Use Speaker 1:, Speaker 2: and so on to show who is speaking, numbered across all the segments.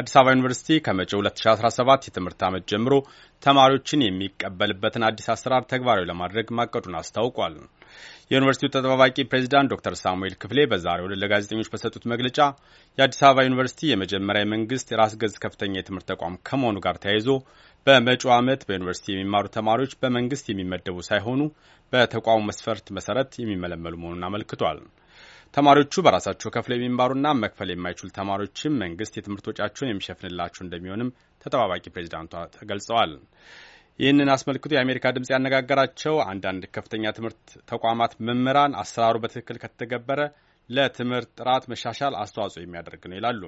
Speaker 1: አዲስ አበባ ዩኒቨርሲቲ ከመጪው 2017 የትምህርት ዓመት ጀምሮ ተማሪዎችን የሚቀበልበትን አዲስ አሰራር ተግባራዊ ለማድረግ ማቀዱን አስታውቋል። የዩኒቨርሲቲው ተጠባባቂ ፕሬዚዳንት ዶክተር ሳሙኤል ክፍሌ በዛሬው ዕለት ለጋዜጠኞች በሰጡት መግለጫ የአዲስ አበባ ዩኒቨርሲቲ የመጀመሪያ የመንግስት የራስ ገዝ ከፍተኛ የትምህርት ተቋም ከመሆኑ ጋር ተያይዞ በመጪው ዓመት በዩኒቨርሲቲ የሚማሩ ተማሪዎች በመንግስት የሚመደቡ ሳይሆኑ በተቋሙ መስፈርት መሰረት የሚመለመሉ መሆኑን አመልክቷል። ተማሪዎቹ በራሳቸው ከፍለው የሚማሩና መክፈል የማይችሉ ተማሪዎችም መንግስት የትምህርት ወጪያቸውን የሚሸፍንላቸው እንደሚሆንም ተጠባባቂ ፕሬዚዳንቷ ተገልጸዋል። ይህንን አስመልክቶ የአሜሪካ ድምፅ ያነጋገራቸው አንዳንድ ከፍተኛ ትምህርት ተቋማት መምህራን አሰራሩ በትክክል ከተገበረ ለትምህርት ጥራት መሻሻል አስተዋጽኦ የሚያደርግ ነው ይላሉ።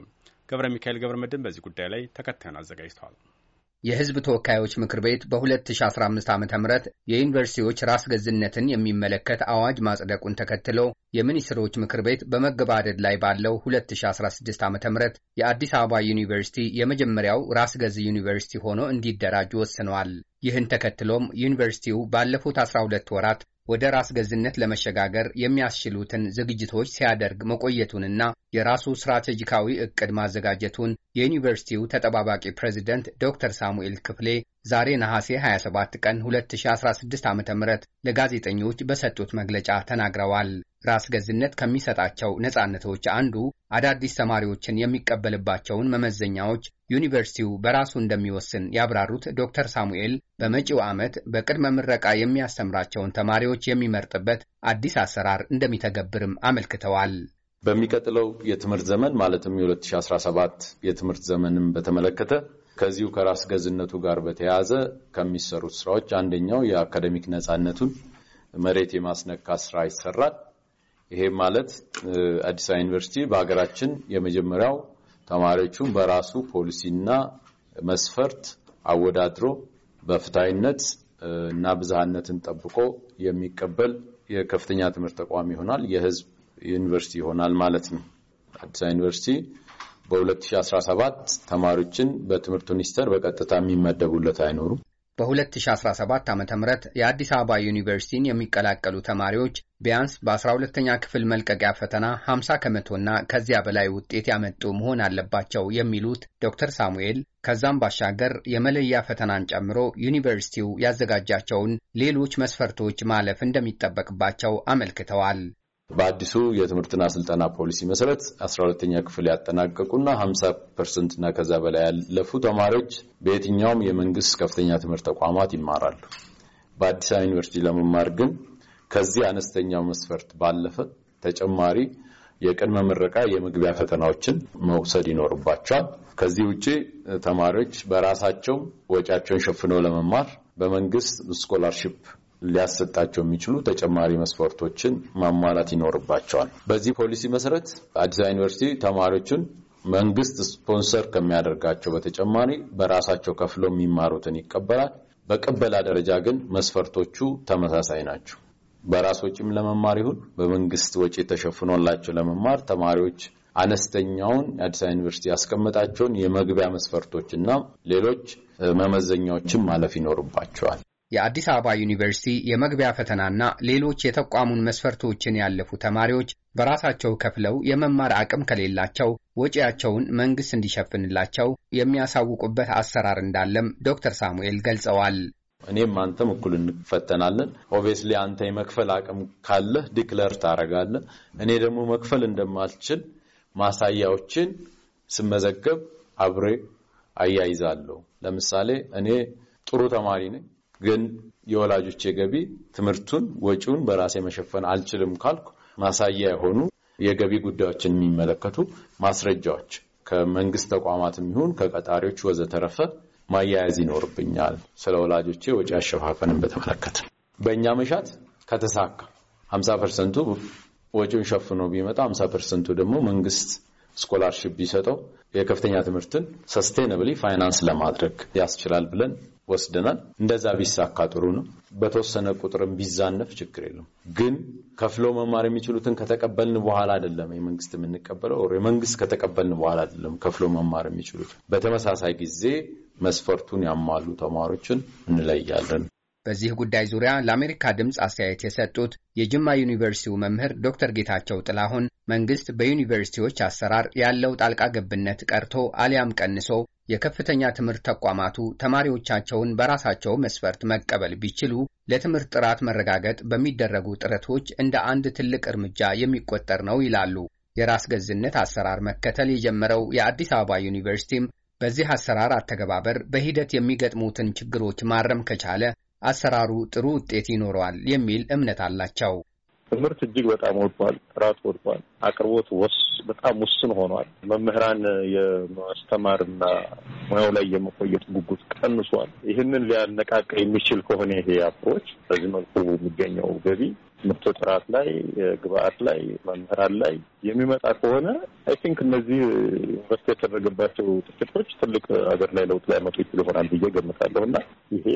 Speaker 1: ገብረ ሚካኤል ገብረ መድን በዚህ ጉዳይ ላይ ተከታዩን አዘጋጅተዋል።
Speaker 2: የሕዝብ ተወካዮች ምክር ቤት በ2015 ዓ ም የዩኒቨርሲቲዎች ራስ ገዝነትን የሚመለከት አዋጅ ማጽደቁን ተከትሎ የሚኒስትሮች ምክር ቤት በመገባደድ ላይ ባለው 2016 ዓ ም የአዲስ አበባ ዩኒቨርሲቲ የመጀመሪያው ራስ ገዝ ዩኒቨርሲቲ ሆኖ እንዲደራጅ ወስነዋል። ይህን ተከትሎም ዩኒቨርሲቲው ባለፉት 12 ወራት ወደ ራስ ገዝነት ለመሸጋገር የሚያስችሉትን ዝግጅቶች ሲያደርግ መቆየቱንና የራሱ ስትራቴጂካዊ ዕቅድ ማዘጋጀቱን የዩኒቨርሲቲው ተጠባባቂ ፕሬዚደንት ዶክተር ሳሙኤል ክፍሌ ዛሬ ነሐሴ 27 ቀን 2016 ዓ ም ለጋዜጠኞች በሰጡት መግለጫ ተናግረዋል። ራስ ገዝነት ከሚሰጣቸው ነጻነቶች አንዱ አዳዲስ ተማሪዎችን የሚቀበልባቸውን መመዘኛዎች ዩኒቨርሲቲው በራሱ እንደሚወስን ያብራሩት ዶክተር ሳሙኤል በመጪው ዓመት በቅድመ ምረቃ የሚያስተምራቸውን ተማሪዎች የሚመርጥበት አዲስ አሰራር እንደሚተገብርም አመልክተዋል።
Speaker 3: በሚቀጥለው የትምህርት ዘመን ማለትም የ2017 የትምህርት ዘመንም በተመለከተ ከዚሁ ከራስ ገዝነቱ ጋር በተያያዘ ከሚሰሩት ስራዎች አንደኛው የአካደሚክ ነፃነቱን መሬት የማስነካ ስራ ይሰራል። ይሄ ማለት አዲስ አበባ ዩኒቨርሲቲ በሀገራችን የመጀመሪያው ተማሪዎቹን በራሱ ፖሊሲና መስፈርት አወዳድሮ በፍትሃዊነት እና ብዝሃነትን ጠብቆ የሚቀበል የከፍተኛ ትምህርት ተቋም ይሆናል። የህዝብ ዩኒቨርሲቲ ይሆናል ማለት ነው። አዲስ አበባ ዩኒቨርሲቲ በ2017 ተማሪዎችን በትምህርት ሚኒስቴር በቀጥታ የሚመደቡለት አይኖሩም።
Speaker 2: በ2017 ዓ ም የአዲስ አበባ ዩኒቨርሲቲን የሚቀላቀሉ ተማሪዎች ቢያንስ በ12ተኛ ክፍል መልቀቂያ ፈተና 50 ከመቶና ከዚያ በላይ ውጤት ያመጡ መሆን አለባቸው የሚሉት ዶክተር ሳሙኤል ከዛም ባሻገር የመለያ ፈተናን ጨምሮ ዩኒቨርሲቲው ያዘጋጃቸውን ሌሎች መስፈርቶች ማለፍ እንደሚጠበቅባቸው አመልክተዋል። በአዲሱ
Speaker 3: የትምህርትና ስልጠና ፖሊሲ መሰረት 12ተኛ ክፍል ያጠናቀቁና 50 ፐርሰንት እና ከዛ በላይ ያለፉ ተማሪዎች በየትኛውም የመንግስት ከፍተኛ ትምህርት ተቋማት ይማራሉ። በአዲስ አበባ ዩኒቨርሲቲ ለመማር ግን ከዚህ አነስተኛው መስፈርት ባለፈ ተጨማሪ የቅድመ ምረቃ የመግቢያ ፈተናዎችን መውሰድ ይኖርባቸዋል። ከዚህ ውጭ ተማሪዎች በራሳቸው ወጪያቸውን ሸፍነው ለመማር በመንግስት ስኮላርሽፕ ሊያሰጣቸው የሚችሉ ተጨማሪ መስፈርቶችን ማሟላት ይኖርባቸዋል። በዚህ ፖሊሲ መሰረት አዲስ አበባ ዩኒቨርሲቲ ተማሪዎችን መንግስት ስፖንሰር ከሚያደርጋቸው በተጨማሪ በራሳቸው ከፍለው የሚማሩትን ይቀበላል። በቅበላ ደረጃ ግን መስፈርቶቹ ተመሳሳይ ናቸው። በራስ ወጪም ለመማር ይሁን በመንግስት ወጪ ተሸፍኖላቸው ለመማር ተማሪዎች አነስተኛውን የአዲስ አበባ ዩኒቨርሲቲ ያስቀመጣቸውን የመግቢያ መስፈርቶችና ሌሎች መመዘኛዎችን ማለፍ ይኖርባቸዋል።
Speaker 2: የአዲስ አበባ ዩኒቨርሲቲ የመግቢያ ፈተናና ሌሎች የተቋሙን መስፈርቶችን ያለፉ ተማሪዎች በራሳቸው ከፍለው የመማር አቅም ከሌላቸው ወጪያቸውን መንግስት እንዲሸፍንላቸው የሚያሳውቁበት አሰራር እንዳለም ዶክተር ሳሙኤል ገልጸዋል። እኔም አንተም እኩል እንፈተናለን። ኦብቪየስሊ አንተ የመክፈል አቅም ካለህ ዲክለር ታደርጋለህ።
Speaker 3: እኔ ደግሞ መክፈል እንደማልችል ማሳያዎችን ስመዘገብ አብሬ አያይዛለሁ። ለምሳሌ እኔ ጥሩ ተማሪ ነኝ፣ ግን የወላጆች የገቢ ትምህርቱን ወጪውን በራሴ መሸፈን አልችልም ካልኩ ማሳያ የሆኑ የገቢ ጉዳዮችን የሚመለከቱ ማስረጃዎች ከመንግስት ተቋማት ይሁን ከቀጣሪዎች ወዘተረፈ ማያያዝ ይኖርብኛል። ስለ ወላጆቼ ወጪ አሸፋፈንን በተመለከተ በእኛ መሻት ከተሳካ 50 ፐርሰንቱ ወጪውን ሸፍኖ ቢመጣ 50 ፐርሰንቱ ደግሞ መንግስት ስኮላርሽፕ ቢሰጠው የከፍተኛ ትምህርትን ሰስቴነብሊ ፋይናንስ ለማድረግ ያስችላል ብለን ወስደናል። እንደዛ ቢሳካ ጥሩ ነው። በተወሰነ ቁጥርም ቢዛነፍ ችግር የለም። ግን ከፍሎ መማር የሚችሉትን ከተቀበልን በኋላ አይደለም የመንግስት የምንቀበለው፣ የመንግስት ከተቀበልን በኋላ አይደለም ከፍሎ መማር የሚችሉት። በተመሳሳይ ጊዜ መስፈርቱን ያሟሉ ተማሪዎችን እንለያለን።
Speaker 2: በዚህ ጉዳይ ዙሪያ ለአሜሪካ ድምፅ አስተያየት የሰጡት የጅማ ዩኒቨርሲቲው መምህር ዶክተር ጌታቸው ጥላሁን መንግስት በዩኒቨርሲቲዎች አሰራር ያለው ጣልቃ ገብነት ቀርቶ አሊያም ቀንሶ የከፍተኛ ትምህርት ተቋማቱ ተማሪዎቻቸውን በራሳቸው መስፈርት መቀበል ቢችሉ ለትምህርት ጥራት መረጋገጥ በሚደረጉ ጥረቶች እንደ አንድ ትልቅ እርምጃ የሚቆጠር ነው ይላሉ። የራስ ገዝነት አሰራር መከተል የጀመረው የአዲስ አበባ ዩኒቨርሲቲም በዚህ አሰራር አተገባበር በሂደት የሚገጥሙትን ችግሮች ማረም ከቻለ አሰራሩ ጥሩ ውጤት ይኖረዋል የሚል እምነት አላቸው።
Speaker 3: ትምህርት እጅግ በጣም ወድቋል፣ ጥራት ወድቋል፣ አቅርቦት ወስ በጣም ውስን ሆኗል። መምህራን የማስተማርና ሙያው ላይ የመቆየት ጉጉት ቀንሷል። ይህንን ሊያነቃቃ የሚችል ከሆነ ይሄ አፕሮች በዚህ መልኩ የሚገኘው ገቢ ምርቶ ጥራት ላይ፣ ግብአት ላይ፣ መምህራን ላይ የሚመጣ ከሆነ አይ ቲንክ እነዚህ ኢንቨስት የተደረገባቸው ጥቂቶች ትልቅ ሀገር ላይ ለውጥ ሊያመጡ ይችል ይሆናል ብዬ ገምታለሁ እና ይሄ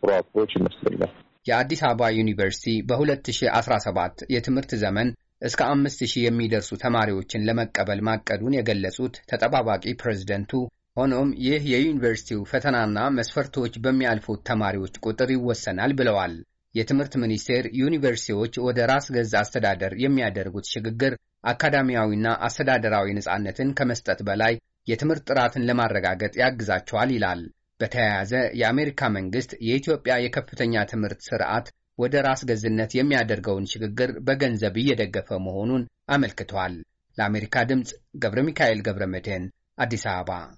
Speaker 3: ጥሩ አፕሮች ይመስለኛል።
Speaker 2: የአዲስ አበባ ዩኒቨርሲቲ በ2017 የትምህርት ዘመን እስከ 5000 የሚደርሱ ተማሪዎችን ለመቀበል ማቀዱን የገለጹት ተጠባባቂ ፕሬዝደንቱ፣ ሆኖም ይህ የዩኒቨርሲቲው ፈተናና መስፈርቶች በሚያልፉት ተማሪዎች ቁጥር ይወሰናል ብለዋል። የትምህርት ሚኒስቴር ዩኒቨርሲቲዎች ወደ ራስ ገዝ አስተዳደር የሚያደርጉት ሽግግር አካዳሚያዊና አስተዳደራዊ ነፃነትን ከመስጠት በላይ የትምህርት ጥራትን ለማረጋገጥ ያግዛቸዋል ይላል። በተያያዘ የአሜሪካ መንግስት የኢትዮጵያ የከፍተኛ ትምህርት ስርዓት ወደ ራስ ገዝነት የሚያደርገውን ሽግግር በገንዘብ እየደገፈ መሆኑን አመልክቷል። ለአሜሪካ ድምፅ ገብረ ሚካኤል ገብረ መድህን አዲስ አበባ